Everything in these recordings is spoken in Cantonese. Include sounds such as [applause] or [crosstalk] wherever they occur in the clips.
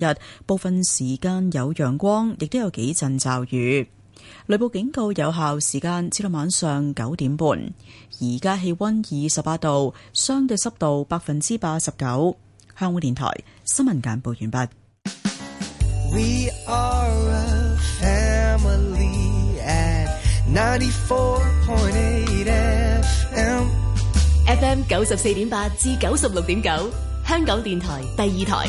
日部分時間有陽光，亦都有幾陣驟雨。雷暴警告有效時間至到晚上九點半。而家氣溫二十八度，相對濕度百分之八十九。香港電台新聞簡報完畢。We are a family at 94.8 FM. 九十四點八至九十六點九，9, 香港電台第二台。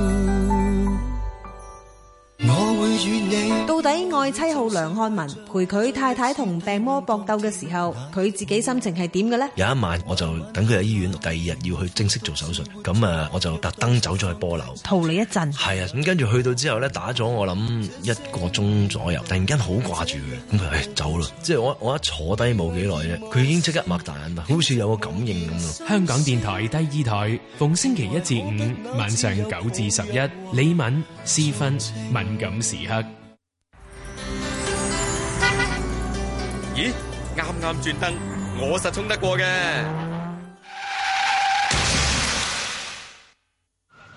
到底愛妻號梁漢文陪佢太太同病魔搏鬥嘅時候，佢自己心情係點嘅呢？有一晚，我就等佢喺醫院，第二日要去正式做手術，咁啊，我就特登走咗去波樓，逃離一陣。係啊，咁跟住去到之後咧，打咗我諗一個鐘左右，突然間好掛住佢。咁佢誒走啦。即係我我一坐低冇幾耐啫，佢已經即刻擘大眼啦，好似有個感應咁啊！香港電台第二台，逢星期一至五晚上九至十一，李敏私分敏感時刻。咦，啱啱轉燈，我實衝得過嘅。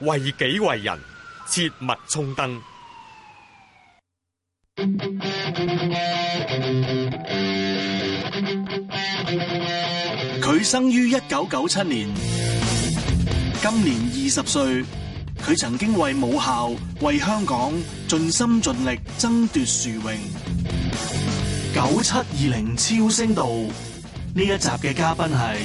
為己為人，切勿衝燈。佢生於一九九七年，今年二十歲。佢曾經為母校、為香港盡心盡力爭奪殊榮。九七二零超聲道呢一集嘅嘉賓係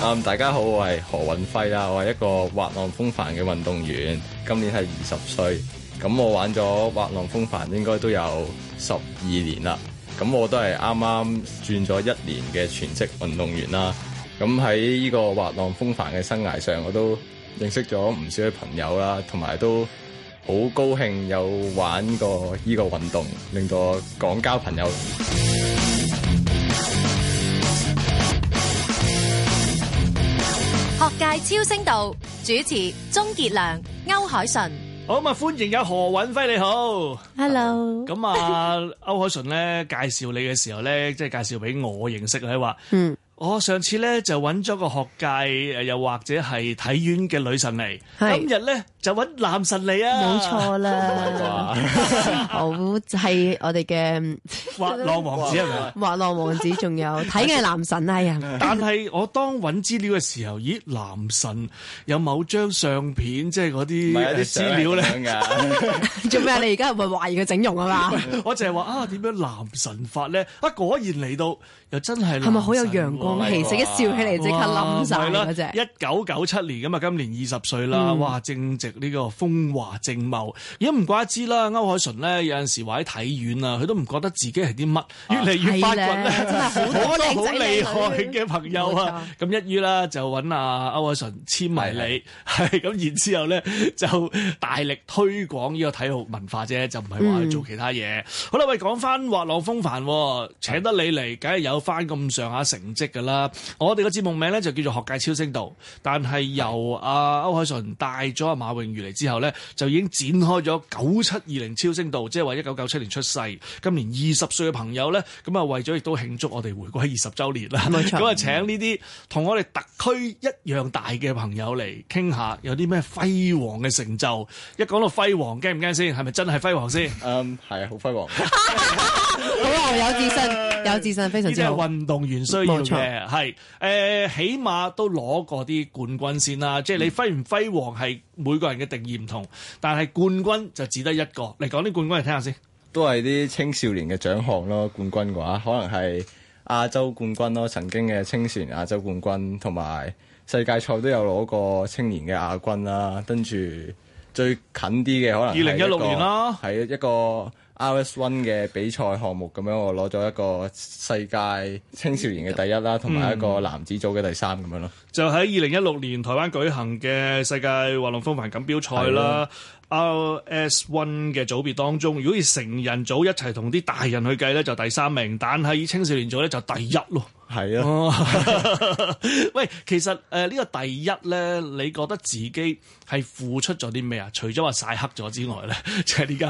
啊，大家好，我係何允輝啦。我係一個滑浪風帆嘅運動員，今年係二十歲。咁我玩咗滑浪風帆應該都有十二年啦。咁我都係啱啱轉咗一年嘅全職運動員啦。咁喺呢個滑浪風帆嘅生涯上，我都～認識咗唔少嘅朋友啦，同埋都好高興有玩過呢個運動，令到我廣交朋友。學界超聲道主持鍾傑良、歐鎧淳，好啊，歡迎有何允輝，你好，Hello。咁啊，歐鎧淳咧介紹你嘅時候咧，即係介紹俾我認識咧，話嗯。我上次咧就揾咗個學界誒，又或者係體院嘅女神嚟，是今日咧就揾男神嚟啊！冇錯啦，好係哇 [laughs] 我哋嘅滑浪王子係咪？滑浪王子仲有睇嘅 [laughs] 男神係啊！ [laughs] 但係我當揾資料嘅時候，咦，男神有某張相片，即係嗰啲資料咧， [laughs] [laughs] 做咩 [laughs] 啊？你而家係咪懷疑佢整容啊？唔我淨係話啊，點樣男神法咧？啊，果然嚟到又真係男神，係咪好有陽光？好奇，成一笑起嚟即刻諗晒嗰隻。一九九七年噶嘛，今年二十歲啦，哇，正值呢個風華正茂。而家唔怪得之啦，歐鎧淳咧有陣時話喺體院啊，佢都唔覺得自己係啲乜，越嚟越發困咧，真係好多好厲害嘅朋友啊。咁一於啦，就揾阿歐鎧淳簽埋你，係咁，然之後咧就大力推廣呢個體育文化啫，就唔係話去做其他嘢。好啦，喂，講翻滑浪風帆，請得你嚟，梗係有翻咁上下成績。啦，我哋個節目名咧就叫做《學界超聲道》，但係由阿歐鎧淳帶咗阿馬榮如嚟之後呢，就已經展開咗九七二零超聲道，即係話一九九七年出世，今年二十歲嘅朋友呢，咁啊為咗亦都慶祝我哋回歸二十周年啦。咁啊錯，就請呢啲同我哋特區一樣大嘅朋友嚟傾下，有啲咩輝煌嘅成就？一講到輝煌，驚唔驚先？係咪真係輝煌先？嗯，係啊，好輝煌。好啊，有自信身， [laughs] 有自信，非常之好。運動員需要。係，誒、呃，起碼都攞過啲冠軍先啦，嗯、即係你輝唔輝煌係每個人嘅定義唔同，但係冠軍就只得一個。嚟講啲冠軍嚟聽下先，都係啲青少年嘅獎項咯。冠軍嘅話，可能係亞洲冠軍咯，曾經嘅青少年亞洲冠軍，同埋世界賽都有攞過青年嘅亞軍啦、啊。跟住最近啲嘅可能二零一六年啦，係一個。1 R.S. One 嘅比賽項目咁樣，我攞咗一個世界青少年嘅第一啦，同埋一個男子組嘅第三咁、嗯、樣咯。就喺二零一六年台灣舉行嘅世界滑浪風帆錦標賽啦的，R.S. One 嘅組別當中，如果以成人組一齊同啲大人去計咧，就第三名；但係以青少年組咧，就第一咯。係是啊，喂，其實誒，呢個第一咧，你覺得自己係付出咗啲咩啊？除咗話晒黑咗之外咧，即係呢家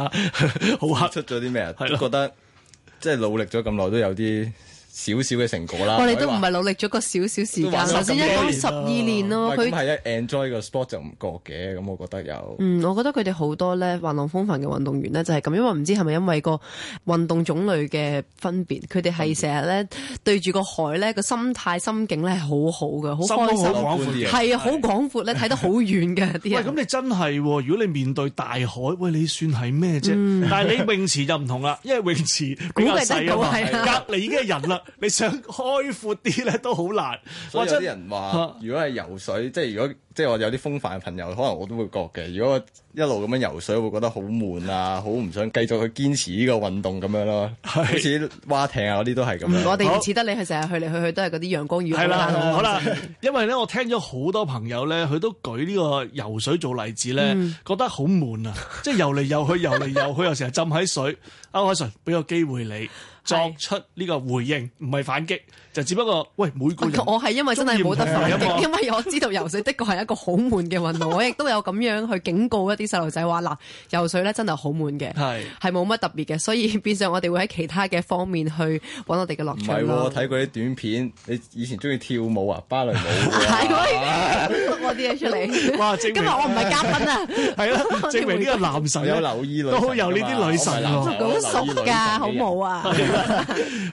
好黑出咗啲咩啊？都覺得即係、就是、努力咗咁耐都有啲。少少嘅成果啦，我哋都唔係努力咗個少少時間，首先一講十二年咯。佢係 enjoy 個 sport 就唔覺嘅，咁我覺得有。嗯，我覺得佢哋好多咧，滑浪風帆嘅運動員呢，就係咁，因為唔知係咪因為個運動種類嘅分別，佢哋係成日咧對住個海咧個心態心境咧係好好嘅，好開心。廣闊係啊，好廣闊咧，睇得好遠嘅啲人。喂，咁你真係，如果你面對大海，喂，你算係咩啫？但係你泳池就唔同啦，因為泳池比較細啊嘛，隔離已經係人啦。你想開闊啲咧都好難，所以有啲人話，如果係游水，即係如果即係我有啲風帆嘅朋友，可能我都會覺嘅。如果一路咁樣游水，會覺得好悶啊，好唔想繼續去堅持呢個運動咁樣咯。係，好似蛙艇啊嗰啲都係咁。唔，我哋唔似得你去成日去嚟去去都係嗰啲陽光雨。係啦，好啦，因為咧我聽咗好多朋友咧，佢都舉呢個游水做例子咧，覺得好悶啊！即係游嚟游去，游嚟游去又成日浸喺水。阿鎧淳，俾個機會你。作出呢個回應，唔係反擊。就只不過，喂，每個人我係因為真係冇得反應，因為我知道游水的確係一個好悶嘅運動，我亦都有咁樣去警告一啲細路仔話：嗱，游水咧真係好悶嘅，係冇乜特別嘅，所以變相我哋會喺其他嘅方面去揾我哋嘅樂趣。睇過啲短片，你以前中意跳舞啊，芭蕾舞，係喎，我啲嘢出嚟。哇，今日我唔係嘉賓啊，係啦，證明呢個男神有留意女，都有呢啲女神，好熟㗎，好冇啊？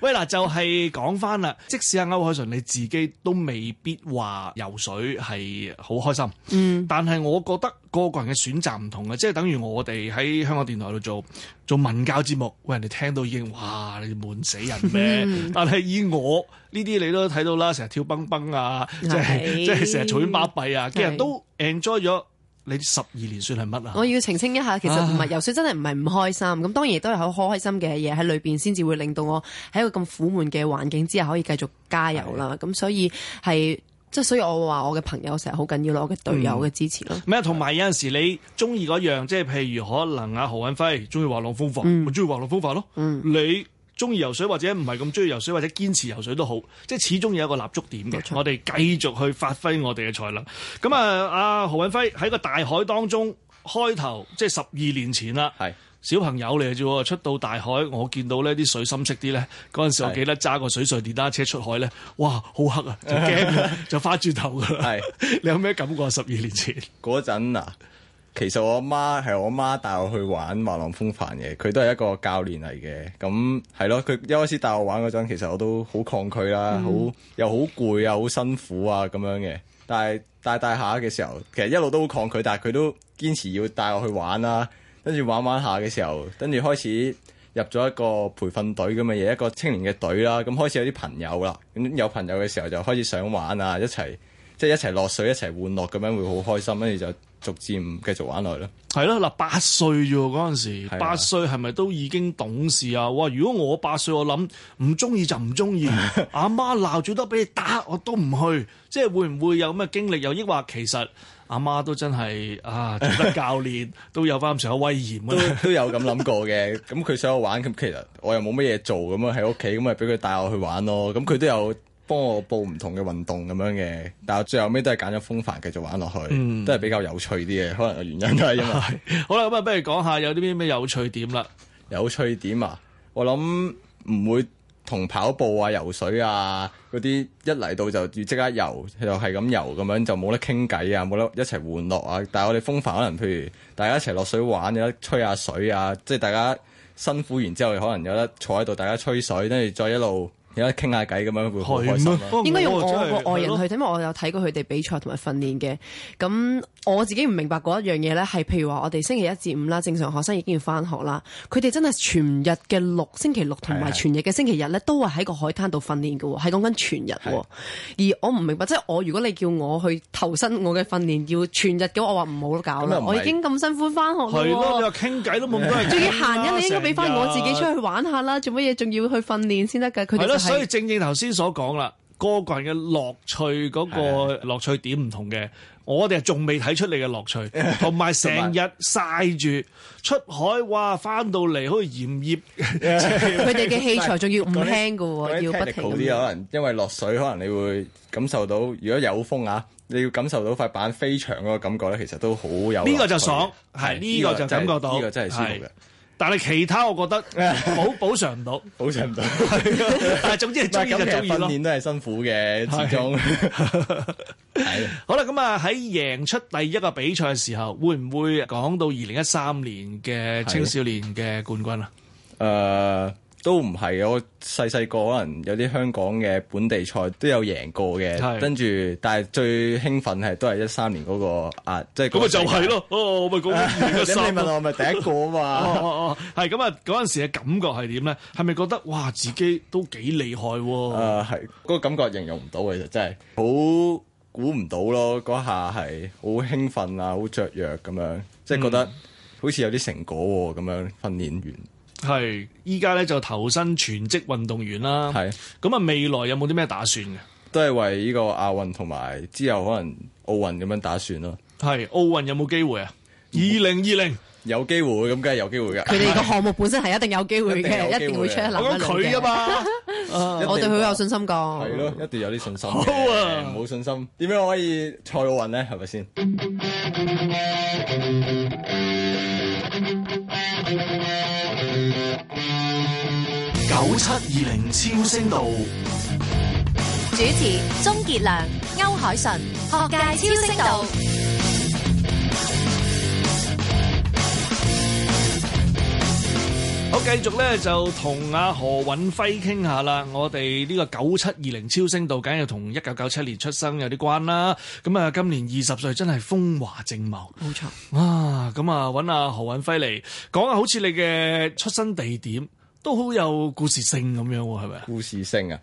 喂，嗱，就係講翻啦。即使阿歐鎧淳你自己都未必話游水係好開心，嗯，但係我覺得個個人嘅選擇唔同嘅，即係等於我哋喺香港電台度做做文教節目，喂人哋聽到已經哇，你悶死人咩？嗯、但係以我呢啲你都睇到啦，成日跳蹦蹦啊，是即係即係成日嘈巴閉啊，其實都 enjoy 咗。你啲十二年算係乜啊？我要澄清一下，其實唔係游水真係唔係唔開心，咁唉 當然亦都係好開心嘅嘢喺裏邊，先至會令到我喺一個咁苦悶嘅環境之下可以繼續加油啦。咁是的 所以係即係，所以我話我嘅朋友成日好緊要咯，我嘅隊友嘅、嗯、支持咯。咩同埋有陣時你中意嗰樣，即係譬如可能阿、啊、何允輝中意滑浪風帆，我中意滑浪風帆咯。嗯，你。中意游水或者唔係咁中意游水或者堅持游水都好，即係始終有一個立足點嘅。我哋繼續去發揮我哋嘅才能。咁啊，阿何允輝喺個大海當中開頭，即係十二年前啦。係小朋友嚟嘅啫，出到大海，我見到呢啲水深色啲咧，嗰陣時我記得揸個水上電單車出海咧，哇，好黑啊，就驚，就翻轉頭噶啦。係，你有咩感覺啊？十二年前嗰陣啊？其實我阿媽係我阿媽帶我去玩滑浪風帆嘅，佢都係一個教練嚟嘅。咁係咯，佢一開始帶我玩嗰陣，其實我都好抗拒啦，好又好攰啊，好、嗯、辛苦啊咁樣嘅。但係但係帶下嘅時候，其實一路都好抗拒，但係佢都堅持要帶我去玩啦、啊。跟住玩一玩一下嘅時候，跟住開始入咗一個培訓隊咁嘅嘢，一個青年嘅隊啦。咁開始有啲朋友啦，咁有朋友嘅時候就開始想玩啊，一齊即係一齊落水一齊玩樂咁樣會好開心，跟住就。逐漸繼續玩落去咯，係咯嗱，八歲啫喎，嗰陣時八歲係咪都已經懂事啊？哇！如果我八歲，我諗唔中意就唔中意，阿媽鬧最多俾你打，我都唔去。即係會唔會有咩嘅經歷？又抑或其實阿媽都真係啊，做得教練 [laughs] 都有翻咁上下威嚴，都有咁諗過嘅。咁佢想我玩，咁 [laughs] 其實我又冇乜嘢做，咁啊喺屋企，咁咪俾佢帶我去玩咯。咁佢都有。幫我報唔同嘅運動咁樣嘅，但係最後尾都係揀咗風帆繼續玩落去，嗯、都係比較有趣啲嘅，可能嘅原因都係因為。好啦，咁不如講下有啲咩咩有趣點啦？有趣點啊？我諗唔會同跑步啊、游水啊嗰啲一嚟到就即刻游，又係咁游咁樣就冇得傾偈啊，冇得一齊玩樂啊。但係我哋風帆可能譬如大家一齊落水玩有得吹下水啊，即係大家辛苦完之後可能有得坐喺度大家吹水，跟住再一路。有得傾下偈咁樣會好開心嗎。啊、應該用我個是外人去對吧 因為我有睇過佢哋比賽同埋訓練嘅。咁對吧 我自己唔明白嗰一樣嘢咧，係譬如話我哋星期一至五啦，正常學生已經要翻學啦。佢哋真係全日嘅六星期六同埋全日嘅星期日咧，都會喺個海灘度訓練嘅喎，係講緊全日喎。對吧 而我唔明白，即係我如果你叫我去投身我嘅訓練，要全日嘅，我話唔好搞啦。我已經咁辛苦翻學係咯，你話傾偈都冇咁多人。仲要閒日你應該俾翻我自己出去玩下啦。做乜嘢仲要去訓練先得㗎？佢哋。所以正正頭先所講啦，個個人嘅樂趣嗰個樂趣點唔同嘅，的我哋仲未睇出你嘅樂趣，同埋成日曬住出海，哇！翻到嚟好似鹽醃，佢哋嘅器材仲要唔輕噶喎，要不停。啲可能，因為落水，可能你會感受到，如果有風啊，你要感受到塊板飛翔嗰個感覺咧，其實都好有。呢個就爽，係呢對對個就感覺到，呢個真係、呢個、舒服嘅。但係其他，我覺得補補償唔到，補償唔到。 [laughs] 射不 [laughs] 但係總之係鍛鍊都係辛苦嘅始種。係。好啦，咁啊喺贏出第一個比賽嘅時候，會唔會講到二零一三年嘅青少年嘅冠軍啊？誒對。呃都唔係嘅，我細細個可能有啲香港嘅本地賽都有贏過嘅，是跟住，但係最興奮係都係一三年嗰個啊，即係咁咪就係咯，哦咪講二零一三，咁你問我咪第一個啊嘛，係咁啊嗰陣時嘅感覺係點咧？係咪覺得哇自己都幾厲害？誒係、啊，嗰、嗰個感覺形容唔到，其實真係好估唔到咯，嗰下係好興奮啊，好雀躍咁樣，即係覺得、嗯、好似有啲成果咁樣訓練完。係，依家咧就投身全職運動員啦。係是，咁啊未來有冇啲咩打算嘅？都係為呢個亞運同埋之後可能奧運咁樣打算咯。係，奧運有冇機會啊？二零二零，有機會，咁梗係有機會嘅。佢哋個項目本身係一定有機會嘅， [laughs] 一，定會一定會出一兩。我講佢噶嘛， [laughs] [laughs] [laughs] 我對佢有信心噶。係咯， [laughs] 一定有啲信、, [laughs] 啊、信心。冇信心點樣可以賽奧運咧？係咪先？ [music] 九七二零超聲道，主持鍾傑良、歐鎧淳，學界超聲道。好，繼續咧就同阿何允輝傾下啦。我哋呢個九七二零超聲道，梗係又同一九九七年出生有啲關啦。咁啊，今年二十歲，真係風華正茂。冇錯。啊，咁啊，揾阿何允輝嚟講下，好似你嘅出生地點。都好有故事性咁樣喎，係咪啊？故事性啊，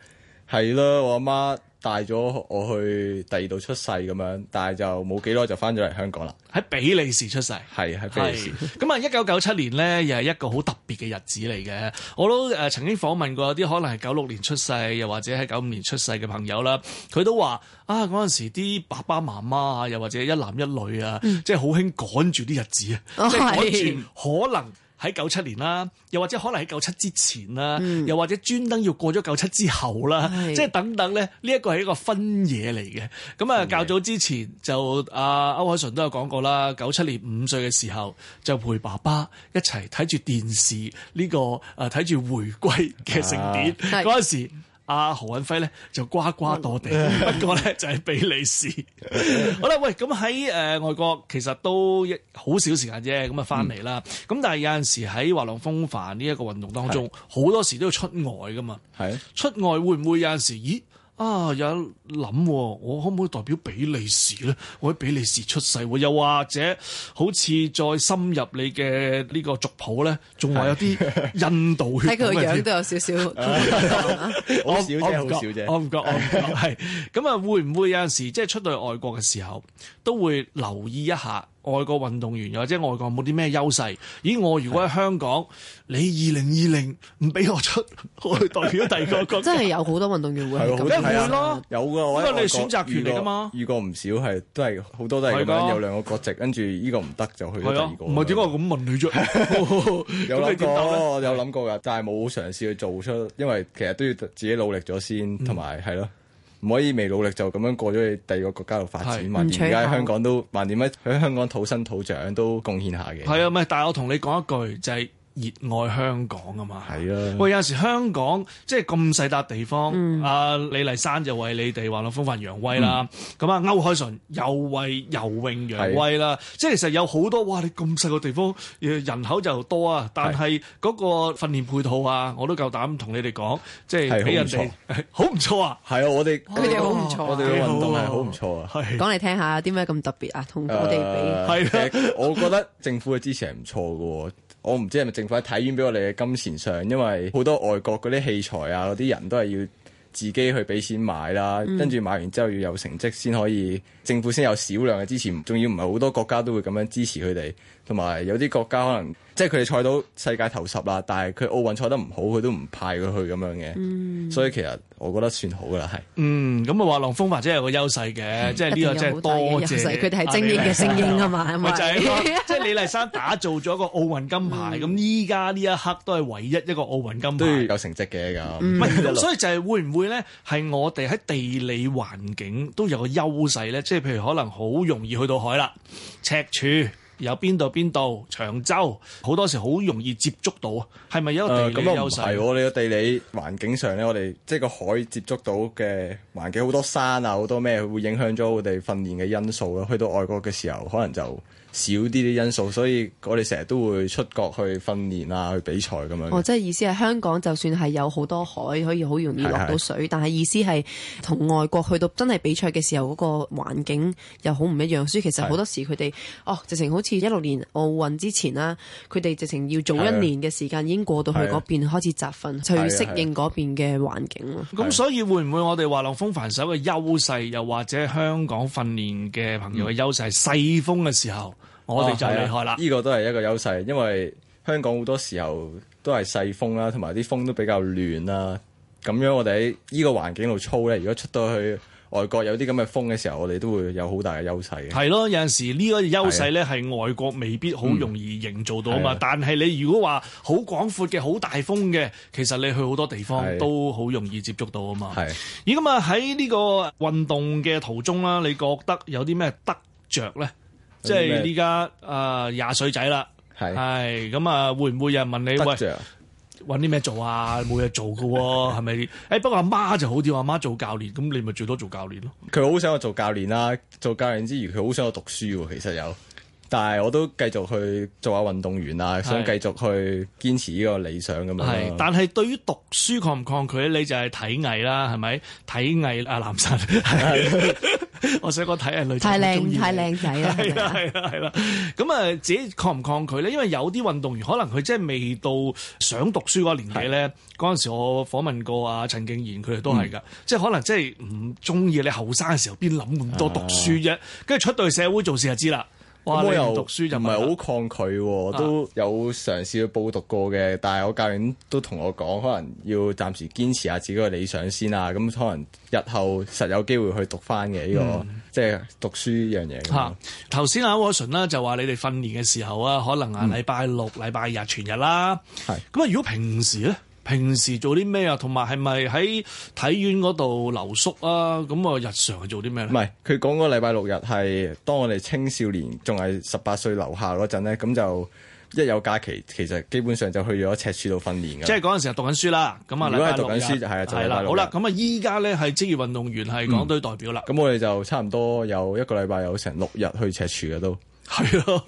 係咯。我阿媽帶咗我去第二度出世咁樣，但係就冇幾耐就翻咗嚟香港啦。喺比利時出世，係喺比利時。咁啊，一九九七年咧，又係一個好特別嘅日子嚟嘅。我都誒曾經訪問過有啲可能係九六年出世，又或者喺九五年出世嘅朋友啦。佢都話啊，嗰陣時啲爸爸媽媽啊，又或者一男一女啊， [laughs] 即係好興趕住啲日子啊，即係可能。喺九七年啦，又或者可能喺九七之前啦，嗯、又或者專登要過咗九七之後啦，的即係等等咧，呢一個係一個分野嚟嘅。咁啊的，較早之前就阿歐鎧淳都有講過啦，九七年五歲嘅時候就陪爸爸一齊睇住電視呢、這個誒睇住回歸嘅盛典嗰陣、啊、時。阿、啊、何允輝咧就呱呱墮地， [laughs] 不過咧就係比利時。 [laughs] 好啦，喂，咁喺誒外國其實都一好少時間啫，咁啊翻嚟啦。咁、嗯、但係有陣時喺滑浪風帆呢一個運動當中，好是多時都要出外噶嘛。係是出外會唔會有陣時？咦？啊！有諗，我可唔可以代表比利時咧？我喺比利時出世，又或者好似再深入你嘅呢個族譜咧，仲話有啲印度血。睇佢個樣都有少少。我 [laughs] 我少少， [laughs] 我唔覺，我唔覺，係，咁啊，會唔會有陣時即係出到去外國嘅時候，都會留意一下？外國運動員又或者外國冇啲咩優勢？咦，我如果喺香港，的你二零二零唔俾我出，我代表第二個國。 [laughs] 真係有好多運動員會係咁樣咯。有噶，因為你選擇權力噶嘛遇。遇過唔少係，都係好多都係咁樣，的有兩個國籍，跟住呢個唔得就去第二個。唔係點解我咁問你啫？ [laughs] 樣 [laughs] 有諗過， [laughs] 我有諗過噶，但係冇嘗試去做出，因為其實都要自己努力咗先，同埋係咯。唔可以未努力就咁樣過咗去第二個國家度發展嘛？而家是香港都 [noise] 萬，點解喺香港土生土長都貢獻下嘅。係啊，咪但係我同你講一句就係、是。熱愛香港啊嘛，係啊！喂，有陣時香港即係咁細笪地方，阿李麗珊就為你哋話攞風帆揚威啦，咁啊歐鎧淳又為游泳揚威啦。即係其實有好多哇，你咁細個地方，人口就多啊，但係嗰個訓練配套啊，我都夠膽同你哋講，即係俾人哋好唔錯啊！係啊，我哋佢哋好唔錯，我哋嘅運動係好唔錯啊！講嚟聽下，點解咁特別啊？同我哋比係啦，我覺得政府嘅支持係唔錯噶。我唔知係咪政府喺體院俾我哋嘅金錢上，因為好多外國嗰啲器材啊，嗰啲人都係要自己去俾錢買啦，跟住、嗯、買完之後要有成績先可以，政府先有少量嘅支持，仲要唔係好多國家都會咁樣支持佢哋，同埋有啲國家可能。即係佢哋賽到世界頭十啦，但係佢奧運賽得唔好，佢都唔派佢去咁樣嘅，嗯、所以其實我覺得算好噶係。嗯，咁啊話風帆或者有個優勢嘅，嗯、即係呢個真係多謝佢哋係精英嘅精英啊嘛，咪、嗯、就係、嗰個、 [laughs] 即係李麗珊打造咗個奧運金牌，咁依家呢一刻都係唯一一個奧運金牌，都有成績嘅咁。嗯嗯、所以就係會唔會咧？係我哋喺地理環境都有個優勢咧？即、就、係、是、譬如可能好容易去到海啦，赤柱。有邊度邊度、長洲，好多時好容易接觸到啊，係咪一個地理優勢？咁我唔係喎，你個地理環境上咧，我哋即係個海接觸到嘅環境好多山啊，好多咩會影響咗我哋訓練嘅因素咯。去到外國嘅時候，可能就～少啲啲因素，所以我哋成日都會出國去訓練啊，去比賽咁樣哦，即係意思係香港就算係有好多海，可以好容易落到水，是是是但係意思係同外國去到真係比賽嘅時候，嗰個環境又好唔一樣，所以其實好多時佢哋是是 哦，直情好似一六年奧運之前啦，佢哋直情要早一年嘅時間是是 已經過到去嗰邊開始集訓是就要適應嗰邊嘅環境咯。咁是所以會唔會我哋話浪風帆手嘅優勢又或者香港訓練嘅朋友嘅優勢係細風嘅時候？我哋就厲害啦！呢、哦啊呢個都係一個優勢，因為香港好多時候都係細風啦，同埋啲風都比較亂啦。咁樣我哋喺呢個環境度操咧，如果出到去外國有啲咁嘅風嘅時候，我哋都會有好大嘅優勢。係咯、啊，有陣時呢個優勢咧，係、啊、外國未必好容易營造到啊嘛。啊但係你如果話好廣闊嘅、好大風嘅，其實你去好多地方都好容易接觸到啊嘛。咦咁啊？喺呢、啊、個運動嘅途中啦，你覺得有啲咩得着咧？即係依家啊廿歲仔啦，係咁啊，會唔會有人問你喂，搵啲咩做啊，冇嘢做噶係咪？誒不過阿媽就好啲，阿媽做教練，咁你咪最多做教練咯，啊。佢好想我做教練啦，啊，做教練之餘佢好想我讀書，其實有，但係我都繼續去做下運動員啦，啊，是想繼續去堅持呢個理想咁，啊，樣。係但係對於讀書抗唔抗拒咧，你就係體藝啦，啊，係咪體藝啊男神？ [laughs] [laughs] 我想講睇下女似太靚太靚仔啦，係啦係啦係啦。咁啊， [laughs] 自己抗唔抗拒咧？因為有啲運動員可能佢真係未到想讀書嗰個年紀咧。嗰陣的時我訪問過啊，陳敬賢，佢哋都係噶，嗯、即係可能即係唔中意你後生嘅時候邊諗咁多讀書啫。跟住、啊、出到社會做事就知啦。哇我又讀書就唔係好抗拒，哇都有嘗試去報讀過嘅，啊、但係我教練都同我講，可能要暫時堅持下自己個理想先啊，咁可能日後實有機會去讀翻嘅呢個即係、就是、讀書呢樣嘢。嚇、啊！頭先阿 Watson 啦，就話你哋訓練嘅時候啊，可能啊禮拜六、禮拜日全日啦。係咁啊，如果平時咧？平時做啲咩啊？同埋係咪喺體院嗰度留宿啊？咁啊，日常係做啲咩咧？唔係，佢講嗰個禮拜六日係當我哋青少年仲係十八歲樓下嗰陣咧，咁就一有假期，其實基本上就去咗赤柱度訓練嘅。即係嗰陣時候讀緊書啦，咁啊，如果係讀緊書就係啊，就禮拜六。好啦，咁啊，依家咧係職業運動員，係港隊代表啦。咁我哋就差唔多有一個禮拜，有成六日去赤柱嘅都。係咯，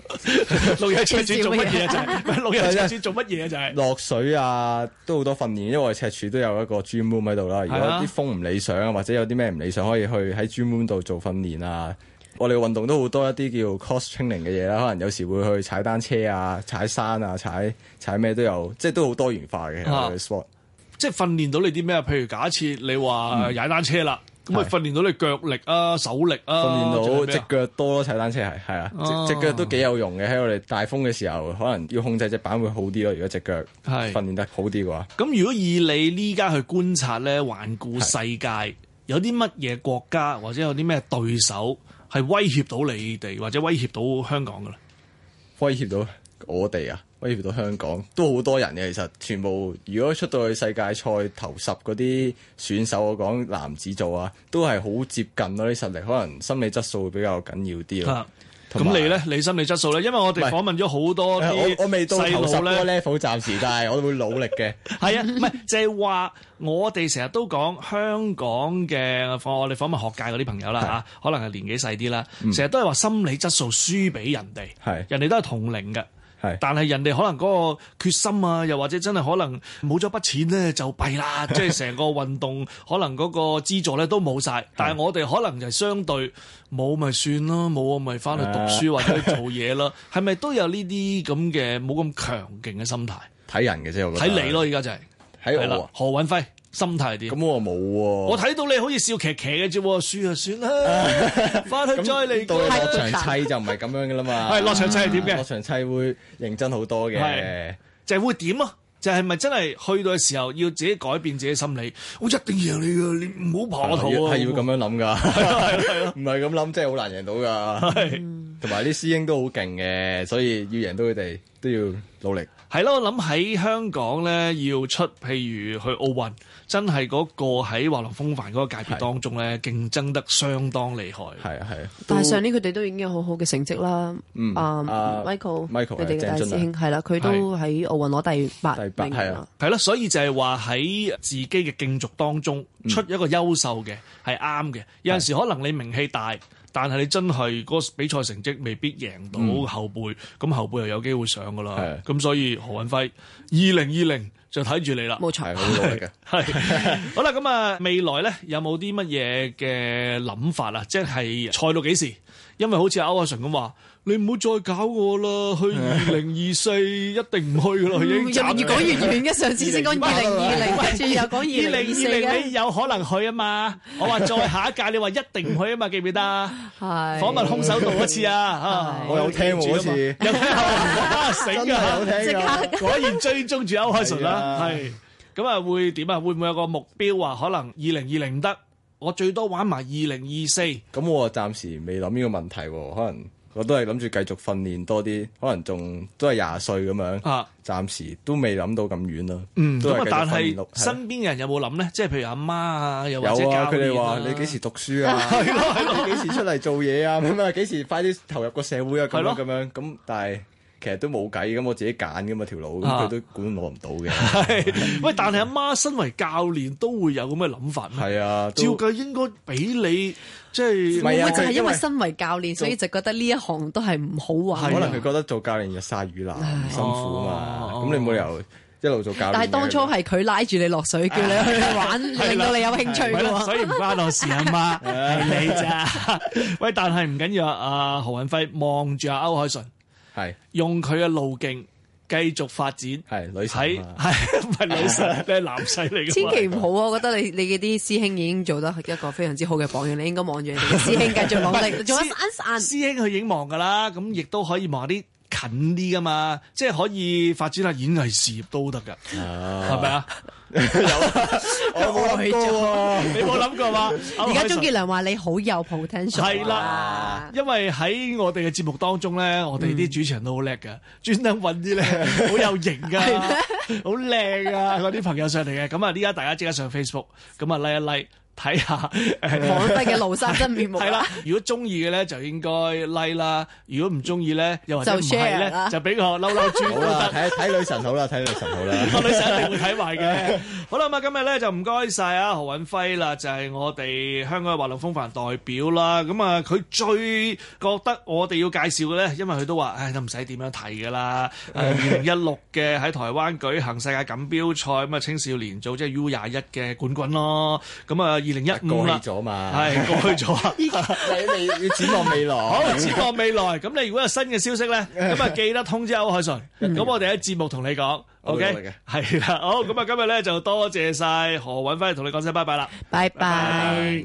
六日對 [laughs] 赤柱做乜嘢就係？六日赤柱做乜嘢就係？ [laughs] 落水啊，都好多訓練。因為我哋赤柱都有一個 gym room 喺度啦。如果啲風唔理想，或者有啲咩唔理想，可以去喺 gym room 度做訓練啊。我哋運動都好多一啲叫 cross training 嘅嘢啦。可能有時會去踩單車啊、踩山啊、踩踩咩都有，即係都好多元化嘅。啊，sport，啊、即係訓練到你啲咩？譬如假設你話踩單車啦。嗯咁咪訓練到你腳力啊，手力啊，訓練到隻腳多咯，踩單車係，係啊，只隻腳都幾有用嘅。喺我哋大風嘅時候，可能要控制隻板會好啲咯。如果隻腳係訓練得好啲嘅話，咁如果以你呢家去觀察咧，環顧世界，有啲乜嘢國家或者有啲咩對手係威脅到你哋，或者威脅到香港嘅啦？威脅到我哋啊？飛到香港都好多人嘅，其實全部如果出到去世界賽頭十嗰啲選手，我講男子組啊，都係好接近咯，啲實力可能心理質素會比較緊要啲。咁、啊、有你咧？你心理質素咧？因為我哋訪問咗好多啲、啊，我我未到頭十 level 暫時，但係我會努力嘅。係啊，唔係就係、是、話我哋成日都講香港嘅，我哋訪問學界嗰啲朋友啦吓，啊、可能係年紀細啲啦，成日、嗯、都係話心理質素輸俾人哋，啊、人哋都係同齡嘅。但係人哋可能嗰個決心啊，又或者真係可能冇咗筆錢咧就弊啦，即係成個運動可能嗰個資助咧都冇晒， [laughs] 但係我哋可能就係相對冇咪算咯，冇咪翻去讀書或者去做嘢啦。係咪 [laughs] 都有呢啲咁嘅冇咁強勁嘅心態？睇人嘅啫，我覺得睇你咯，而家就係。係啦，何允輝。心態點，咁我冇喎。我睇到你好似笑騎騎嘅啫，輸啊算啦，翻去再嚟過啦。到落場砌就唔係咁樣嘅啦嘛。係落場砌係點嘅？落場砌會認真好多嘅，就係會點啊？就係咪真係去到嘅時候要自己改變自己心理？我一定贏你㗎！你唔好爬我頭啊！係要咁樣諗㗎，唔係咁諗真係好難贏到㗎。同埋啲師兄都好勁嘅，所以要贏到佢哋都要努力。係囉，我諗喺香港咧要出，譬如去奧運。真係嗰個喺華樂風帆嗰個界別當中咧，的競爭得相當厲害。係啊係啊，但係上年佢哋都已經有好好嘅成績啦。嗯，啊 Michael，佢哋嘅大師兄係啦，佢、啊、都喺奧運攞第八名。第八，係啊，係啦，所以就係話喺自己嘅競逐當中出一個優秀嘅係啱嘅。有陣時可能你名氣大。但係你真係嗰、那個比賽成績未必贏到後輩，咁、嗯、後輩又有機會上噶啦。咁的所以何允輝，二零二零就睇住你啦。冇錯，好努力嘅。係 [laughs] [laughs] 好啦，咁啊未來咧有冇啲乜嘢嘅諗法啊？即、就、係、是、賽到幾時？因為好似歐鎧淳咁話。你唔好再搞我啦，去二零二四一定唔去啦，越講越遠嘅。上次先講二零二零，轉又講二零二零，你有可能去啊嘛？我話再下一屆，你話一定唔去啊嘛？記唔記得？係訪 [laughs] 的問空手道一次啊， [laughs] 我有聽住啊嘛，有聽醒啊，好聽即刻 [laughs] 可以追蹤住歐凱順啦。係咁啊，會點啊？會唔會有個目標話可能二零二零唔得，我最多玩埋二零二四。咁我暫時未諗呢個問題，可能。我都係諗住繼續訓練多啲，可能仲都係廿歲咁樣，啊、暫時都未諗到咁遠咯。咁啊，但係身邊嘅人有冇諗咧？即係譬如阿媽啊，又或者佢哋啊，你幾時讀書啊？係咯係咯，幾 [laughs] 時出嚟做嘢啊？咁啊，幾時快啲投入個社會啊？咁咯咁樣咁，了但係。其實都冇計，咁我自己揀噶嘛條路，咁佢都管攞唔到管我唔到嘅。喂，但係阿媽身為教練都會有咁嘅諗法咩？係啊，照計應該俾你即係。啊，就係因為身為教練，所以就覺得呢一行都係唔好玩。可能佢覺得做教練日晒雨淋，辛苦嘛。咁你冇理由一路做教練。但係當初係佢拉住你落水，叫你去玩，令到你有興趣。所以唔關我事，阿媽係你咋？喂，但係唔緊要。阿何允輝望住阿歐鎧淳。係是用佢嘅路徑繼續發展，係女仔係，唔係女神咩 [laughs] 男仔嚟嘅？千祈唔好啊！ [laughs] 我覺得你你嗰啲師兄已經做得係一個非常之好嘅榜樣，你應該望住你啲師兄繼續努力，做一散散師兄去影望噶啦，咁亦都可以望啲。近啲噶嘛，即係可以發展下演藝事業都得噶，係咪啊？ [laughs] 有啊，你冇諗過嘛？而家鍾傑良話你好有 potential，係啦， [laughs] 嗯、 [laughs] 因為喺我哋嘅節目當中咧，我哋啲主持人都好叻嘅，專登揾啲咧好有型噶，好靚 [laughs] 啊嗰啲 [laughs] 朋友上嚟嘅，咁啊，而家大家即刻上 Facebook，咁啊、like，拉一拉、like。睇下誒，講得嘅《廬山真面目》係啦。如果中意嘅咧，就應該 like 啦；如果唔中意咧，又或者唔係咧，就俾我嬲嬲轉。好啦，睇睇女神好啦，睇女神好啦。個女神一定會睇埋嘅。好啦，咁啊，今日咧就唔該曬啊何允輝啦，就係我哋香港嘅滑浪風帆代表啦。咁啊，佢最覺得我哋要介紹嘅咧，因為佢都話，唉都唔使點樣睇㗎啦。誒，二零一六嘅喺台灣舉行世界錦標賽，咁啊青少年組即係 U 廿一嘅冠軍咯。咁啊～二零一五年，咗嘛？係，過去咗。 [laughs] [laughs] 依個你未要展望未來。好，展望未來。咁你如果有新嘅消息咧，咁啊記得通知歐鎧、嗯、歐鎧淳。咁我哋喺節目同你講。O K，係啦。好，咁啊今日咧就多謝晒何允輝同你講聲拜拜啦。拜拜。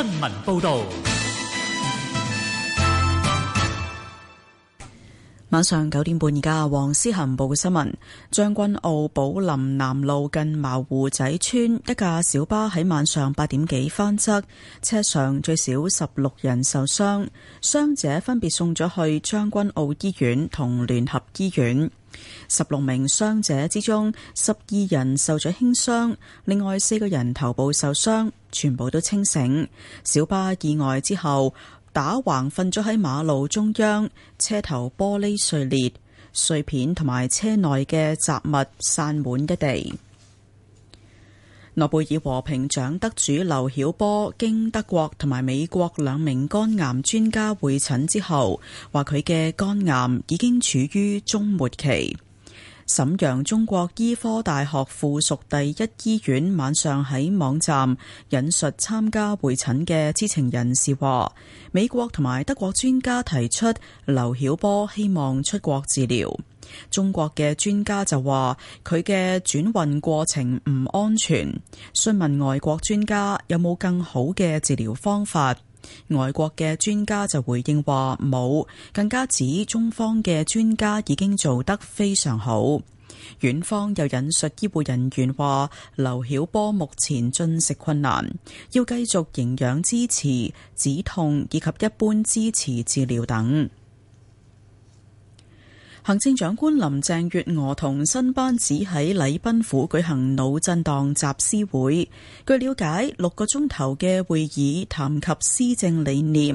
新聞報導。晚上九點半，而家黃思恒報嘅新聞：將軍澳寶林南路近茅湖仔村，一架小巴喺晚上八點幾翻側，車上最少十六人受傷，傷者分別送咗去將軍澳醫院同聯合醫院。十六名傷者之中，十二人受咗輕傷，另外四個人頭部受傷，全部都清醒。小巴意外之後，打橫瞓咗喺馬路中央，車頭玻璃碎裂，碎片同埋車內嘅雜物散滿一地。諾貝爾和平獎得主劉曉波經德國同埋美國兩名肝癌專家會診之後，話佢嘅肝癌已經處於終末期。瀋陽中國醫科大學附屬第一醫院晚上喺網站引述參加會診嘅知情人士話，美國同埋德國專家提出劉曉波希望出國治療，中國嘅專家就話佢嘅轉運過程唔安全，詢問外國專家有冇更好嘅治療方法。外國嘅專家就回應話冇，更加指中方嘅專家已經做得非常好。院方又引述醫護人員話：劉曉波目前進食困難，要繼續營養支持、止痛以及一般支持治療等。行政長官林鄭月娥同新班子喺禮賓府舉行腦震盪集思會，據了解，六個鐘頭嘅會議，談及施政理念。